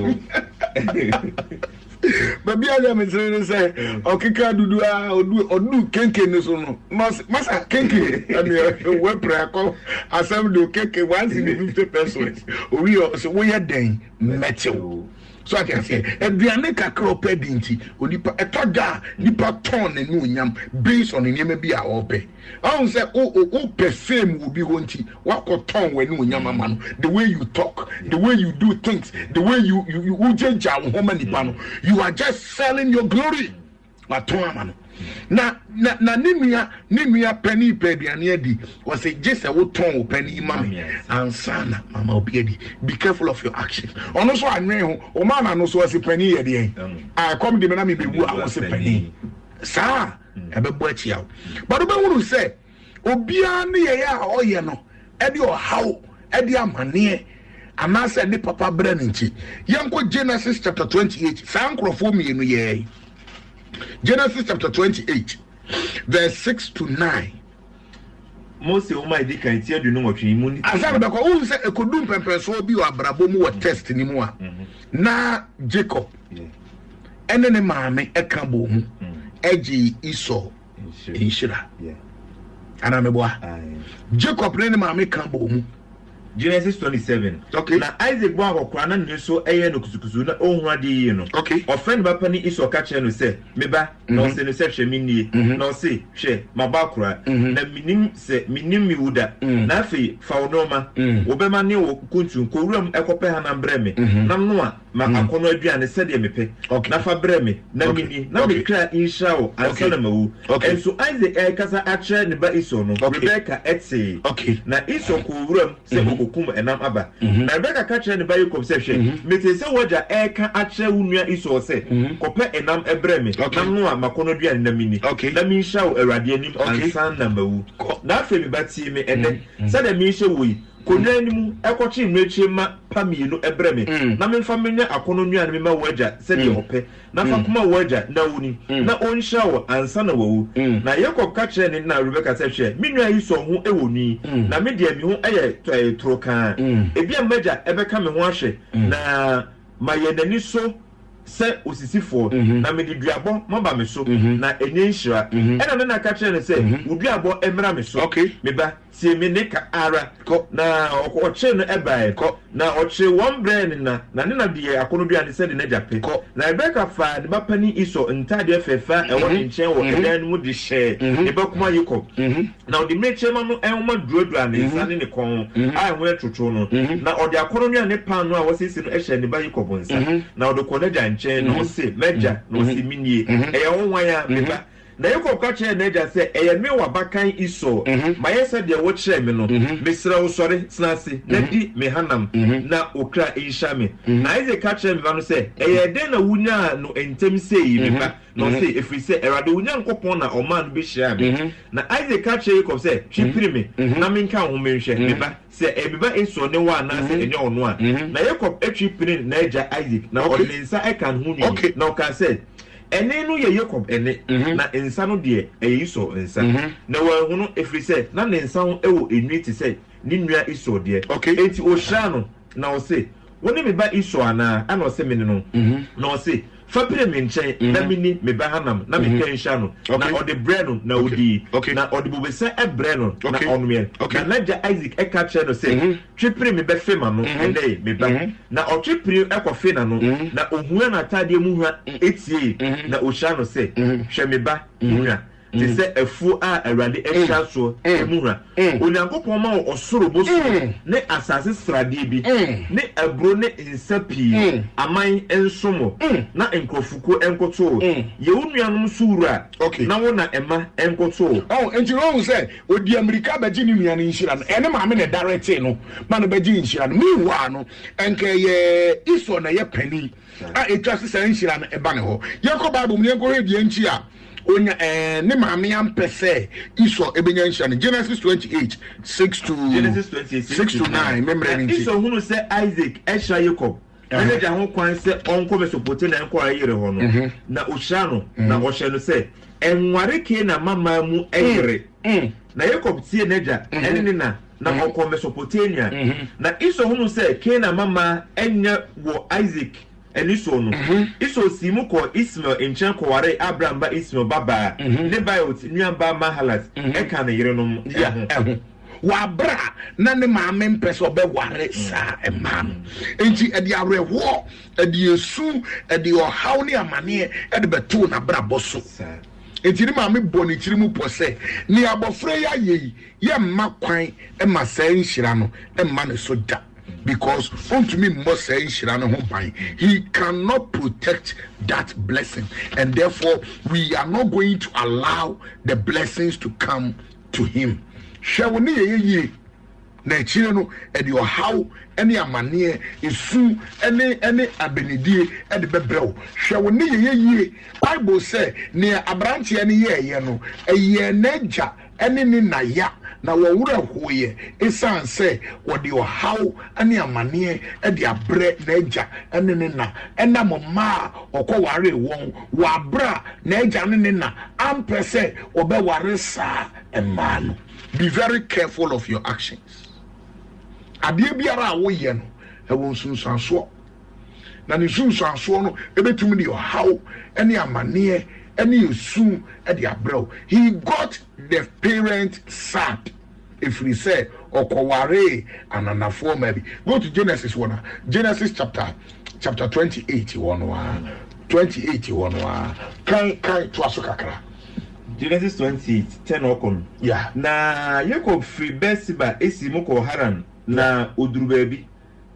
baabi a yɛ mesere ne sɛ ɔkeka dudu a ɔdu kenke ne so no masa kenke ɛne wapra akɔ asɛm de kenke 150 persons owi ɔ sɛ woyɛ dɛn mɛkyew so ati ase aduane kakra ɔpɛ di nti onipa ɛtɔ da a nipa tɔn ne nu onyam based on nneɛma bi a ɔpɛ ɔhun sɛ o o o pɛ fame wo bi hɔ nti wakɔ tɔn wɔ ne onyam ama no the way you talk the way you do things the way you you you gyegya ahoma nipa no you are just selling your glory watɔn ama no na na na ne nua ne nua pɛni pɛ aduane adi ɔsɛ gye sɛ wotɔn o pɛni ma mi ansa na mama obi adi be careful of your action ɔno nso anwene ho ɔmo ana no so ɔsɛ pɛni yɛ deɛ a kɔm di mi na mi bɛ wu a ɔsɛ pɛni saa ɛbɛbɔ akyi awo bado bɛhuru sɛ obiara ne yɛyɛ a ɔyɛ mm. no ɛde ɔhaw ɛde amaneɛ anaasɛ ɛde papa brɛ ne nkyi yɛnkɔ genesis chapter twenty eight saa nkurɔfoɔ mmienu yɛɛ genesis chapter twenty-eight verse six to nine. mose ọmọ ẹdi kan etí ẹdun ọtwi ni mu ni. asan bẹkọ ohun sẹ ekodu mpẹmpẹnsoɔ bi wɔ abrabɔ mu wɔ test ni mu a mhm. na jacob ɛne ne maame ɛka e, bɔ mu ɛgye isɔ nhyira anamibua jacob ne ne maame ka bɔ mu genesis twenty seven. okay na isaac bɔ akɔkora na ne so ɛyɛ no kusukusu na ohun adi yie no. okay ɔfɛn ne ba pa ni isu ɔka kyerɛ no sɛ meba mhm. na ɔsɛ no sɛ hwɛ mi nie mhm. na ɔsɛ hwɛ ma ba akora mhm. na minim sɛ minim mi wu da na afei fa wo nneɛma wɔbɛma ne wɔ kuntu nkowura mu ɛkɔpɛ ha na brɛ mi na noa ma akɔnɔ aduane sɛdeɛ mepɛ na fa brɛ mi na mi ni na mi kra nhyira wɔ ansa na ma wu ɛnso isaac ɛkasa akyerɛ ne ba isu no rebecca ɛtee na isu kowura mu sɛ akɔkum ɛnam aba na mhm. ka kyerɛ ne ba yakob sɛ hwɛ mhm. mete sɛ wɔgya ɛreka akyerɛ wo nua isɔɔ sɛ mhm. kɔpɛ ɛnam ɛbrɛ me nam no a makɔnɔ duane na mini na menhyɛ wo awurade anim ansan na mawu na afei meba tie me ɛnɛ sɛdeɛ menhyɛ wɔ yi konwa anim ɛkɔkye mmirakyi ma pa mmienu ɛbrɛ mm. na memfa menya akɔnɔ nnua no mema wɔagya sɛdeɛ mm. ɔpɛ na fa mm. koma na woni na ɔnhyira wɔ ansa na wawu na yɛkɔb ka kyerɛ ne na rebeka sɛ hwɛ me nua yi ho wɔ na medeɛ me ho yɛ ebi a mmagya ɛbɛka me ho ahwɛ na mayɛ n'ani so sɛ mm-hmm. na mede duabɔ maba so mm-hmm. na ɛnyɛ nhyira mm-hmm. ɛna ne na ka kyerɛ sɛ me so tie me ara kɔ na ɔkyerɛ no ɛbaeɛ kɔ na ɔkyerɛ wɔn brɛ ne na na ne na deɛ akono bi a ne sɛde n'agya pe na rebeka fa ne ba pani isɔ ntaadeɛ fɛɛfɛ ɛwɔ ne mhm. nkyɛn wɔ mhm. ɛdan no mu de hyɛɛ mhm. ne ba kuma yi kɔ na ɔde mmerekyerɛ ma no ɛnwoma duradura ne nsa ne ne kɔn a ɛho yɛ toto no na ɔde akono no a ne pan no a wɔsiesie no ɛhyɛ ne ba yi kɔ bɔ nsa na ɔde kɔ n'agya nkyɛn na ɔse m'agya na ɔse minie ɛyɛ wɔn ya a ba na yakob ka kyerɛ n'agya sɛ ɛyɛ me wabakan iso mhm. mayɛ sɛ deɛ wokyerɛ me no mhm. mesrɛ wo sɔre tena ase na mhm. di me hanam na okra nhyia me na isaac ka kyerɛ me ba no sɛ ɛyɛ dɛn na wonyaa no ntɛm sɛyi me ba na ɔse ɛfiri sɛ ɛwurade wonya nkɔpɔn na ɔmaa no bɛhyia me na isaac ka kyerɛ yakob sɛ twipiri me na menka wo menhwɛ me ba sɛ ɛbɛba esɔ ne wa anaasɛ ɛnyɛ ɔno a na yakob atwi pini n'agya isaac na ɔde ne nsa ɛka ne ho nwi na ɔka sɛ ɛne no yɛ yakob ɛne mhm. na nsa no deɛ ɛyɛ isɔ nsa mhm. na wɔn ho no efiri sɛ na ne nsa ho ɛwɔ enwi te sɛ ne nua isɔ deɛ eti ohyia no na ɔse wɔn ne me ba isɔ anaa ɛna ɔse me ne no mhm. na ɔse fapire mi nkyɛn na mhm. mi ni mi ba hanam na mi mhm. kɛ nhyia no na ɔde brɛ no na odi na ɔde bobesa ɛbrɛ no na ɔnoɛ na n'agya isaac ɛka kyerɛ no sɛ mhm. twipiri mi bɛ fe ma no ɛnɛ mi ba na ɔtwipiri ɛkɔ fe na no na ohun ɛna ataadeɛ mu hwa etie na ohyia no sɛ hwɛ mi ba hwa te mm. sɛ afuo a awurade mm. atwa soɔ mm. mu hura onyankopɔn ma wɔ ɔsoro bo ne asase sradeɛ bi ne aburo ne nsa pii aman nsomɔ na nkurɔfokuo nkɔtoo yɛwo nuanom so wura na wo na ɛma nkɔtoo oh, nti na ɔhu sɛ ɔdi amirika bɛgye ne nua no nhyira no ɛne maame ne darete no ma no bɛgye nhyira no meanwaa no ɛnka yɛ isɔ na yɛ panin a ɛtwa se saa nhyira no ɛba ne hɔ yɛnkɔ bible mu ne yɛnkɔhwɛ nkyi a onya ɛɛ eh, ne maame ampɛ sɛ isɔ ebenya nhyia no genesis twenty eight six to genesis twenty eight six to nine mɛmrɛ ne nti isɔ hunu sɛ isaac ɛhyia yacob uh-huh. ɛne gya ho kwan sɛ ɔnkɔ mesopotamia nkɔ ayere hɔ no uh-huh. na ohyia no uh-huh. na ɔhyɛ no sɛ ɛnware kee na mama mu ɛyere mm, mm. na yacob tie n'agya ɛne ne na na ɔkɔ mesopotamia na isɔ hunu sɛ kee na mama ɛnyɛ wɔ isaac ɛne so no mhm. iso sii mu kɔ ismael nkyɛn kɔware abraham ba ismael babaa mhm. ne biot nuaba mahalat mhm. ɛka ne ya ho wabra na ne maame mpɛ sɛ ɔbɛware saa mmaa no nti ɛde awerɛhoɔ ɛde esu ɛde ɔhaw ne amaneɛ ɛde bɛtoo n'abrabɔ so nti ne maame bɔ ne tiri mu pɔ sɛ ne abɔfra yi ayɛ yi yɛ mma kwan ma saa nhyira no ma ne so da because ontumi mmɔ sɛ nhyira no ho ban he cannot protect that blessing and therefore we are not going to allow the blessings to come to him hwɛ wo ne yɛyɛ yie na akyire no ɛde ɔhaw ne amaneɛ esu ne ne abenedie de bɛbrɛ wo hwɛ wo ne yɛyɛ yie bible sɛ nea aberanteɛ no yɛɛyɛ no ɛyɛ n'agya ne ne naya na wɔwura hooyɛ ɛsiane sɛ wɔde ɔhaw ne amanneɛ de abrɛ n'agya ne ne na ɛnam mmaa ɔkɔware wɔn wɔabrɛ n'agya ne ne na ampɛ sɛ wɔbɛware saa mmaa no be very careful of your actions adeɛ biara a woyɛ no ɛwɔ nsunsuansoɔ na ne nsunsuansoɔ no ɛbɛtumi de ɔhaw ne amanneɛ ɛne yɛ su ɛde abrɛw he got the parent sad efiri sɛ ɔkɔware ananafoɔ ma bi go to genesis wɔn genesis chapter chapter twenty eight wɔn wa twenty eight wɔn wa kan kan to aso kakra. genesis twenty eight ten ɔkɔn. Yeah. na yakob firi bɛsiba esi mu kɔ haran na oduru baabi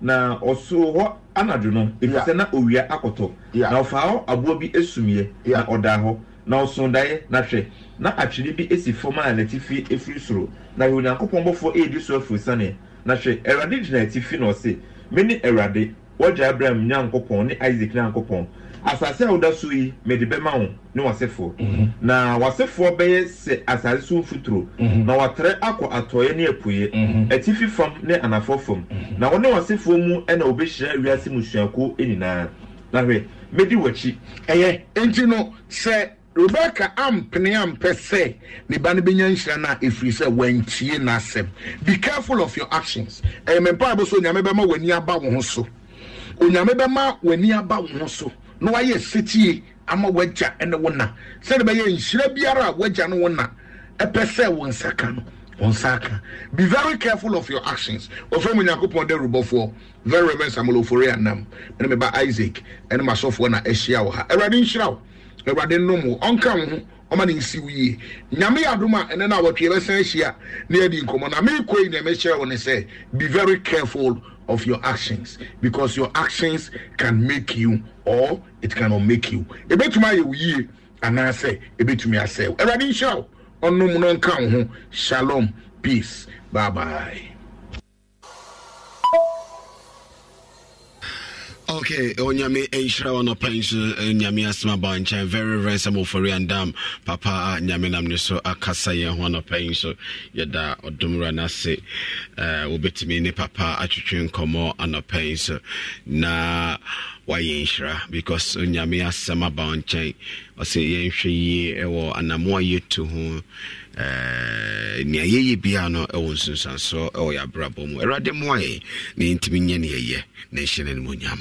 na ɔso hɔ anadwo no efisɛ yeah. na owia akɔtɔ na ɔfa hɔ aboɔ bi esumiɛ na ɔda hɔ na ɔsondaeɛ na hwɛ na atwere bi esi fam a n'atifi efiri soro na onyankopɔn bɔfoɔ eedi so afiri saneɛ na hwɛ ɛwurade gyina atifi na ɔse mene ɛwurade wɔgya abraham nyankopɔn ne isaac nyankopɔn asase a woda so yi mede bɛma wo ne wasefoɔ mhm. na wasefoɔ bɛyɛ sɛ asase so mfuturo mhm. na watrɛ akɔ atɔeɛ ne apueɛ mhm. atifi fam ne anafoɔ fam na wone wasefoɔ mu ɛna wobɛhyira wiase musuakuo nyinaa na hwɛ medi w'akyi ɛyɛ enti no sɛ rebeka ampene ampɛ sɛ ne ba no bɛnya nhyira no a ɛfiri sɛ wantie n'asɛm be careful of your actions ɛyɛ mempa a bɛ so nyame bɛma w'ani aba wo ho so onyame bɛma w'ani aba wo ho so na wayɛ setie ama wagya ne wo na sɛde bɛyɛ nhyira biara a wagya ne wo na ɛpɛ sɛ wo nsa ka no be very careful of your actions ɔfrɛ mu nyankopɔn dɛ rubɔfoɔ very reverend samuel ofori anam ɛne me ba isaac ɛne masɔfoɔ na ahyia wɔ ha awurade nhyira wo awurade nnom wo ɔnka wo ho ɔma ne nsi wo yie nyame yɛ adom the ɛne no a wɔtwe yɛbɛsan ahyia na yɛadi nkɔmmɔ na meekɔ yi be very careful of your actions because your actions can make you or it cannot make you ebetumi ayɛ wo yie anaasɛ ebetumi asɛ wo awurade nhyɛ wo ɔnom no nka wo ho shalom peace bye bye. Okay, Onyame Enshra on a pinch, Asma Bancha, very ransom ah, of Forian Dam, eh, Papa oh, Nyame Namneso, Akasaya, one a pinch, Yada, or Dumranase, uh, Papa, Achichin, komo and a na wayɛ nhyira because onyame asma aba nkyɛn ɔsɛ yɛnhwɛ yie ɛwɔ anamoa Eh, nea yɛyɛ biara no ɛwɔ nsonsansoɔ ɛwɔ yɛ abrabɔ mu awurade mmoa yɛ na yɛntumi nyɛ ne yɛyɛ na nhyɛ no animonyam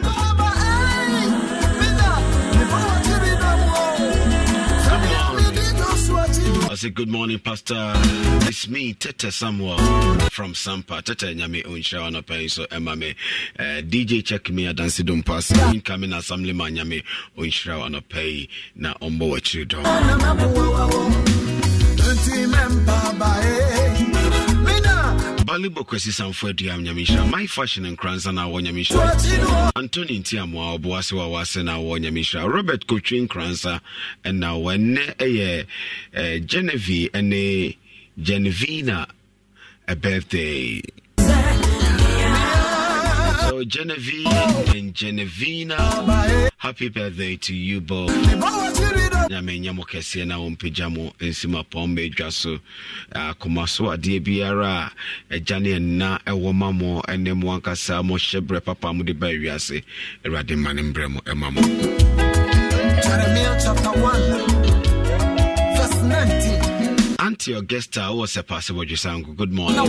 say good morning, Pastor. It's me, Tete Samuel from Sampa. Tete nyami unsha wana pay so emame. Uh, DJ check me at Dancy Dum Pass. Incoming assembly man nyame unsha wana pay na ombo wachido. Nti mempa olibo kwesi samfo aduam nyamehira my fashion nkransa na awɔ nyamehira antony ntiamoa ɔboase wa wase na awɔ nyamehira robert Kuchin nkransa ɛna wɔnɛ ɛyɛ eh, genevieve ɛne genevina a birthday So Genevieve and Genevina, happy birthday to you both. nyame nyɛ mo kɛseɛ na wɔmpagya mo nsi mu apɔn so akoma so adeɛ biara a agya ne ɛna ɛwɔ ma mo ne mo ankasa mo berɛ papa mode ba awiase awurade ma ne mbrɛ mo ɛma mo Jeremiah chapter 1 verse 19 Auntie Augusta, what's up, Pastor Wajisango? Good morning.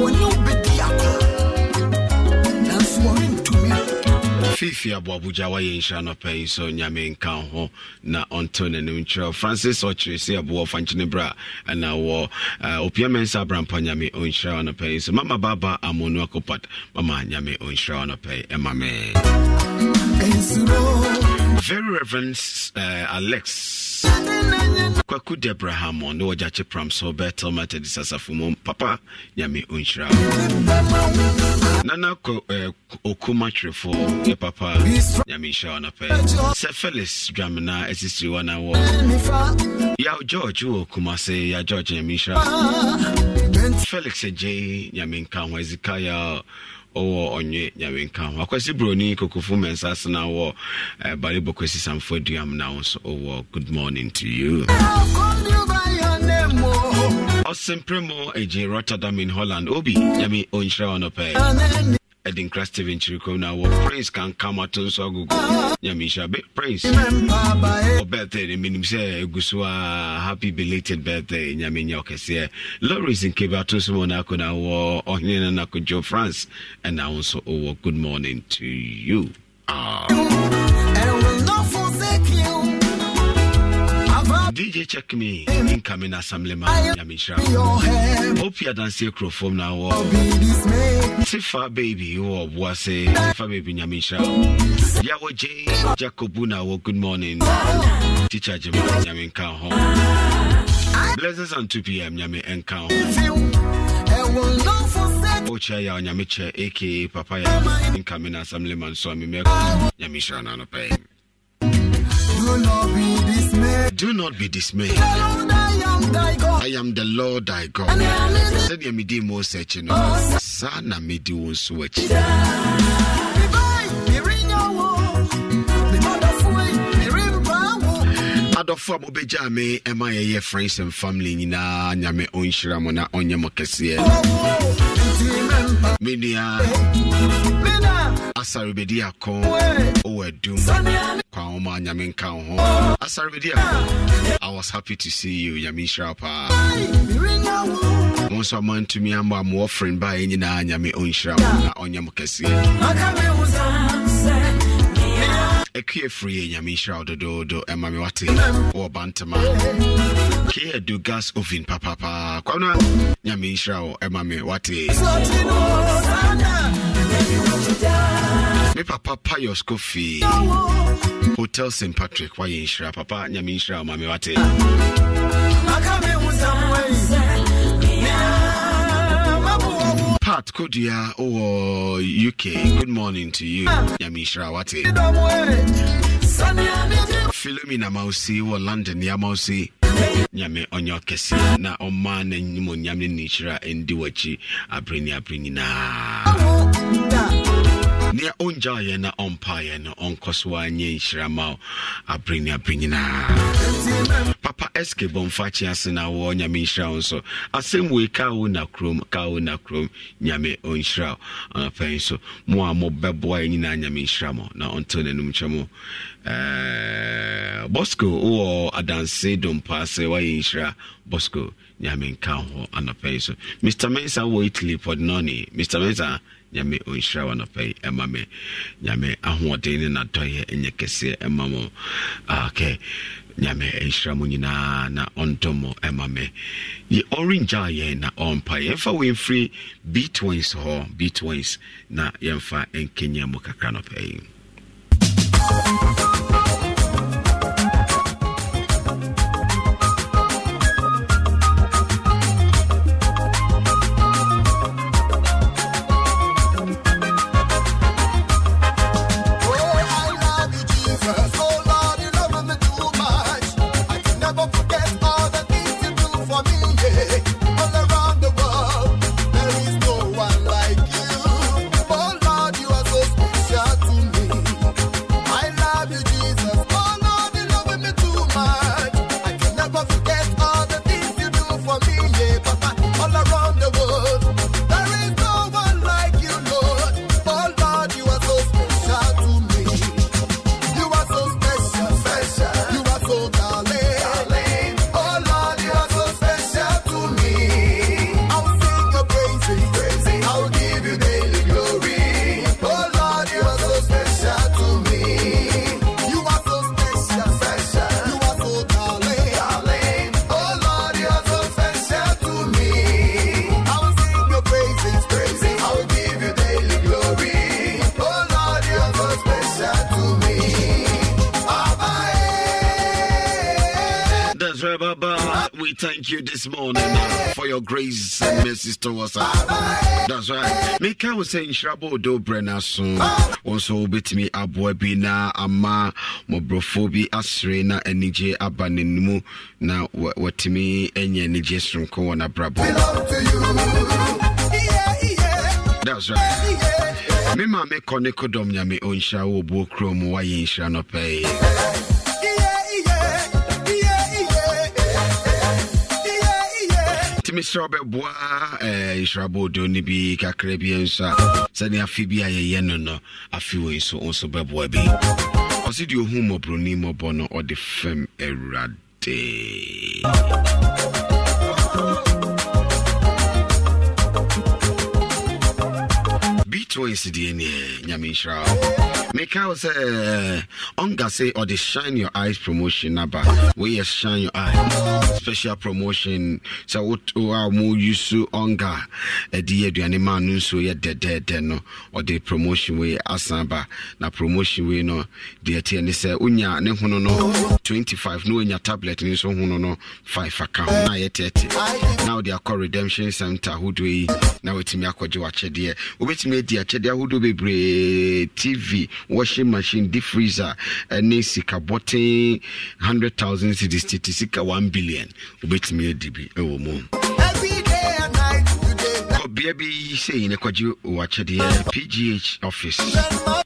afeefie aboaboagya wayɛ nhyira no pɛi so nyame nka ho na ɔnto n'anim nkyerɛ francis ɔkyerɛ sɛ aboɔ fa berɛ a ɛna wɔ nsa abrampa nyame ɔnhyira wo no pɛi so mama baba amonu akopat mama nyame ɔnhyira wo no pɛi ɛma me very reverend uh, alex kwaku debraham ne wɔgyakye pram so bɛtelmatadisasafo mu papa nyame ɔnhyira nana okumatwerɛfoɔ yɛ papa nyame nhyira wo no pɛ sɛ felix dwamena asisiri wɔ na wɔ yaw george wɔ kuma se ya george nyame felix agyei nyame nka ho ɛsikaya ɔwɔ ɔnwe nyame nka ho akwasi buroni kokofo mɛnsa sena wɔ bare bɔkwasi samfoɔ aduam na wo nso ɔwɔ good morning to you Simply more agye rotterdam in holland obi yami ɔnhyira wɔ nɔpɛɛ ɛde nkra steven kyirikom na wɔ prince Praise to nso agogo nyame nhyira be prince happy belated birthday Yami nyɛ ɔkɛseɛ loris nkeba to nso mu naako na wɔ ɔhene no france and wo nso good morning to you ah. And will not forsake you. DJ check me incoming assemblyman Yamishra. Hope you dance here from now on. Oh. Sifa baby, or was a Sifa baby Yamishra. Yawo J. Jacobuna, good morning. Teacher Jim Yamin Kan home. Blessings on 2 p.m. Yami oh, and Kan Ocha ya Nyame Che, aka Papa ya incoming assemblyman I am Yamishra Nanopay. Do not be do not be dismayed. I am the Lord thy God. Said you midi mo search no. Sana midi won me friends and family nyame mo na mo menua asarebɛdi akɔ wowɔ dum kwa wo ma nyame nka wo ho asarebɛdi akɔ i was happy to see you nyame nhyira paa mo nso ama ntumi ama amoɔfren baa ɛ nyinaa nyame ɔnhyira wo na ɔnyɛ kɛseɛ ɛkue firi yɛ nyame nhyira wo dodoodo ɛma me wate wɔ bantama keadu gas ovin papapaa kwana nyame nhyira wo ɛma me wate me papa payos kofi hotel st patrick wayɛ nhyira papa nyame nhyira wo ma me wate Pat Kodia or UK. Good morning to you. Yamishra Wati. Philomena or London nyame ɔnyɛ na no nihyira w'akyi ne nyinaa nea ɔngya yɛn na ɔmpaeɛ no ɔnkɔ so anyɛ nhyira ma abere ne abere nyinaa papa sk bɔmfakye ase na wɔ nyame nhyira wo nso asɛm wei ka wo na kurom ka wo na kurom nyame ɔnhyira wo anapɛi ah, so mo a mobɛboa yɛ nyinaa nyame nhyira mo na ɔnto n'anom kyɛ mo eh, bosco wowɔ adanse dompa sɛ woayɛ nhyira bosco nyame nka ho anapɛi so mr mensa wɔ italy podnone mr mensa nyame ɔnhyira wa nɔpa yi ɛma me nyame ahoɔden ne natɔyɛ ɛnyɛ kɛseɛ ɛma mo ah, okay nyame ɛnhyira nyinaa na ɔntɔ mo ɛma me yɛ ɔrengya yɛn na ɔmpa yɛmfa wo mfiri b20 hɔ b na yɛmfa nkenya mu kakra yi this morning uh, for your grace and mercies towards us. That's right. Make was saying Shrabo do Brenna soon. Also bit me aboy bina ama mobrophobi asrena enije abaninmu na watimi enye enije sronko wana brabo. That's right. Me ma me kone kodom nyame onhyira wo bo krom wa yin pay. mesrɛ wobɛboa nhyirabɔɔdo eh, no bi kakra bi nso a sɛne afe bi a yɛyɛ no no afe wei so wo nso bɛboa bi ɔse deɛ ɔhu mmɔborɔni mmɔbɔ no ɔde fam awurade bitwins deɛ neɛ nyame nhyira meka wo sɛ ɔnka eh, se ɔde shine your eyes promotion aba We shine your eyes special promotion sɛ woto a mo yusu ɔnga ɛde yɛ aduane ma no nso yɛ dɛdɛɛdɛ no ɔde promotion wei asan ba na promotion wei no deɛ ɛteɛ ne sɛ wonya ne hono no 25 na woanya tablet ne nso hono no 5 aka ho na yɛtɛɛte na wode akɔ redemption center ahodoɔ yi na watumi akɔgye wakyɛdeɛ wobɛtumi adi akyɛdeɛ ahodoɔ bebree tv washing machine deep freezer ɛne sikabɔten 100000 cedis tete sika 1 billion wobɛtumi adi bi ɛwɔ mu ɔbea bi sɛi ne kɔgye wakyɛdeɛ pgh office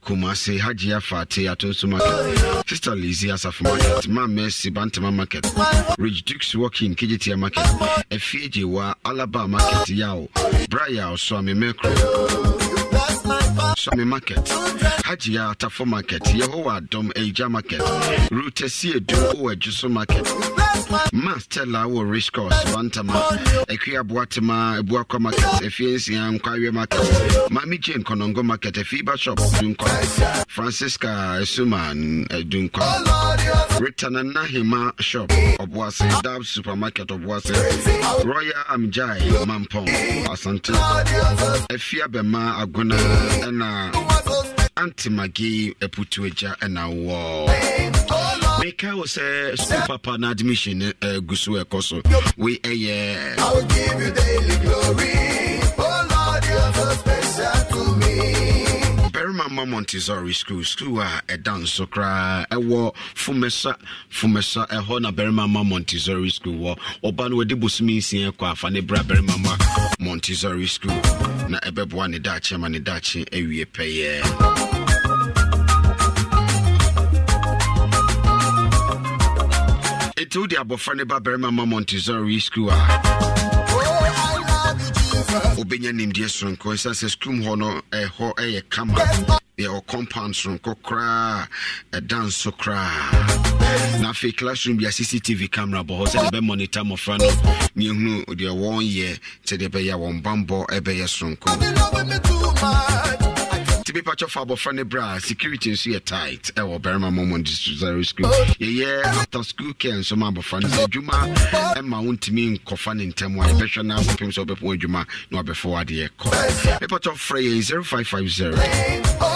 kumase hagyea Afate atonso market sister lizzy asafo market ma mercy bantama market ridge dukes working kegyetia market afie gyewa alaba market yao. bra yɛ ɔso amemɛkorɔ Shami Market, Hajia Tafo Market, Yehowa Dom Eja Market, Rute Siedu Owe Jusu Market, Master Lawo Race Course, Bantama, Ekia Buatema, Buako Market, Efiensi and Kwawe Market, Mami Jane Konongo Market, Efiba Shop, Dunko, Francisca Suman, eh, Dunko. Richard and Nahima Shop, Obuase, Dab Supermarket, Obuase, Royal Amjai, Mampong, Asante, Efia Bema Aguna, Ena, Antimagi, Eputueja, Ena Wall. meka wo sɛ school papa no admission uh, gu so ɛkɔ so wei ɛyɛ ama montessori school school a ɛda nso koraa ɛwɔ fumesa, fomesa ɛhɔ na barima ama montessori school wɔ ɔba no wɔde bosomi nsia kɔ afa ne berɛ barima ama montessori school na ɛbɛboa ne daakye ama ne daakye awie pɛyɛɛ ɛti wode abɔfra ne ba barima ma montessori school a wobɛnya nimdeɛ soronko ɛsiane sɛ scrum hɔ no ɛhɔ ɛyɛ kama yɛwɔ compound soronko koraa ɛda nso koraa na afei classroom bia cctv camera bɔ hɔ sɛdeɛ bɛmonita mmɔfra no ne deɛ wɔnyɛ sɛdeɛ ɛbɛyɛ a wɔn bambɔ ɛbɛyɛ bi patwɛ fa abɔfra ne berɛ security nso yɛ tight ɛwɔ barima momon districtary school yɛyɛ after school care nso ma abɔfra no sɛ adwuma ɛma wontumi nkɔfa ne ntɛm a yɛbɛhwɛ no akɔpem sɛ wobɛpɔ adwuma na wabɛfo adeɛ kɔ mepatɔ frɛ yɛ 0550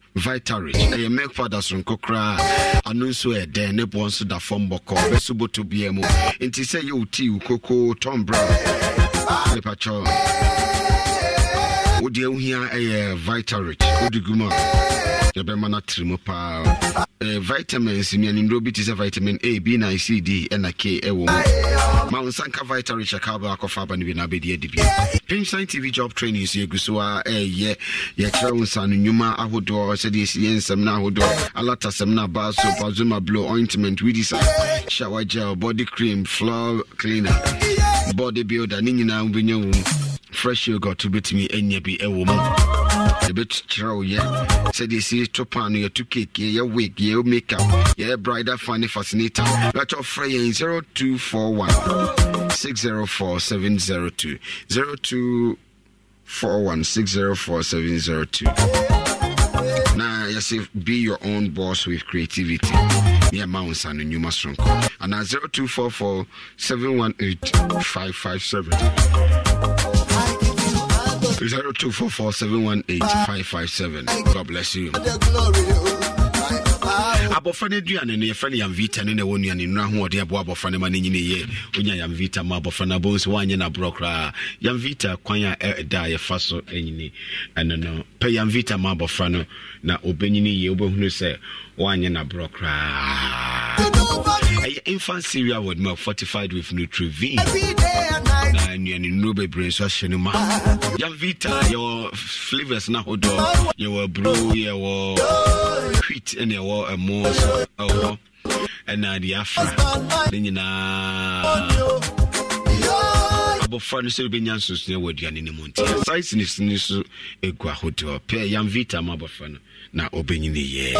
vitarage ɛyɛ milk powder soronko koraa ano nso ɛdɛn ne boɔ nso da fam bɔkɔ bɛso bɔtɔ biara mu nti sɛ yɛ wo tii wo koko tom brown nipakyɛw wodeɛ wohia ɛyɛ vitalrich wode gu mu a yɛbɛma no atiri paa vitamins mianimdɛ bi te sɛ vitamin a b na cd ɛna k ɛwɔ mu ma wo nsa nka vitalrich ɛka wobɛ akɔfa aba no bi na wobɛdi adi bio pinsign tv job training so yɛgu so a ɛyɛ yɛkyerɛ wo nsano nnwuma ahodoɔ sɛdeɛ ɛsiyɛ nsɛm no ahodoɔ alatasɛm no abaa so pazoma blow ointment widisa shower gel body cream floor cleaner body builder ne nyinaa wobɛnya wo mu fresh yogurt bɛtumi anya bi ɛwɔ mu yɛbɛkyerɛ wo yɛ sɛdeɛ ɛsi to pan no yɛto cake yɛyɛ wig yɛyɛ makeup yɛyɛ brider fane fascinator bɛkyɛ ɔfrɛ yɛn 0241 604702 0241604702 na yɛsɛ be your own boss with creativity near Mount San and Numa Stronko. And at 0244 718 557. 0244718557. God bless you. abɔfra no aduane no yɛfrɛ no yamvita no na ɛwɔ nnuane nnura hoɔden aboa abɔfra no ma no nyineyɛ wonya yamvita ma abɔfra no abɔhu sɛ woanyɛ naborɔ koraa yamvita kwan a ɛda a yɛfa so anyini ɛno no pɛ yamvita ma abɔfra no na ɔbɛnyini yie wobɛhunu sɛ woanyɛ naborɔ koraa ɛyɛ infant word ma fortified with nutrivine nnuane nnuro bebree nso ahyɛ no ma yavita yɛwɔ flavors no ahodoɔ yɛwɔ aburo yɛwɔ wheat ne ɛwɔ ɛmo eh, nso ɛwɔ ɛna deɛ afra ne nyinaa abɔfra no sɛ bɛnya nsonsoɛ wɔ aduane no mu nti size ne sini so ɛgu ahodoɔ pɛ yam vita ma abɔfra no na ɔbɛnyiniyɛ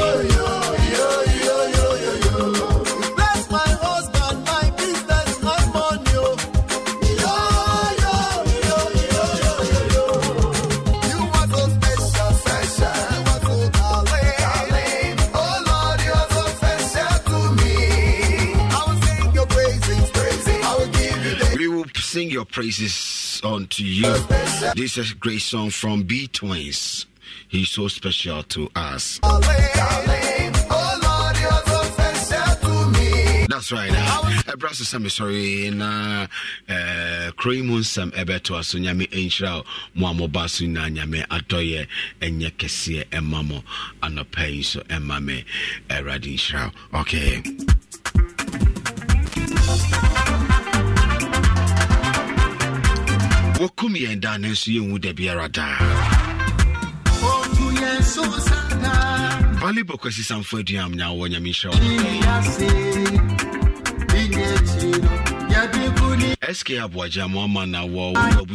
sing your praises unto you. This is a great song from B Twins. He's so special to us. That's right. Uh, Ebrasu Sami, sorry, na Kremun uh, uh, Sam Ebeto Asunyami and you can see Atoye, Enye and Emamo, pain. so Emame, Eradin Shrao. Okay. wɔkum yɛn daa nanso yɛnwu da biara daa bale bɔkwasi samfo aduam nya wɔ nyame nhyɛ sk aboagya na wɔ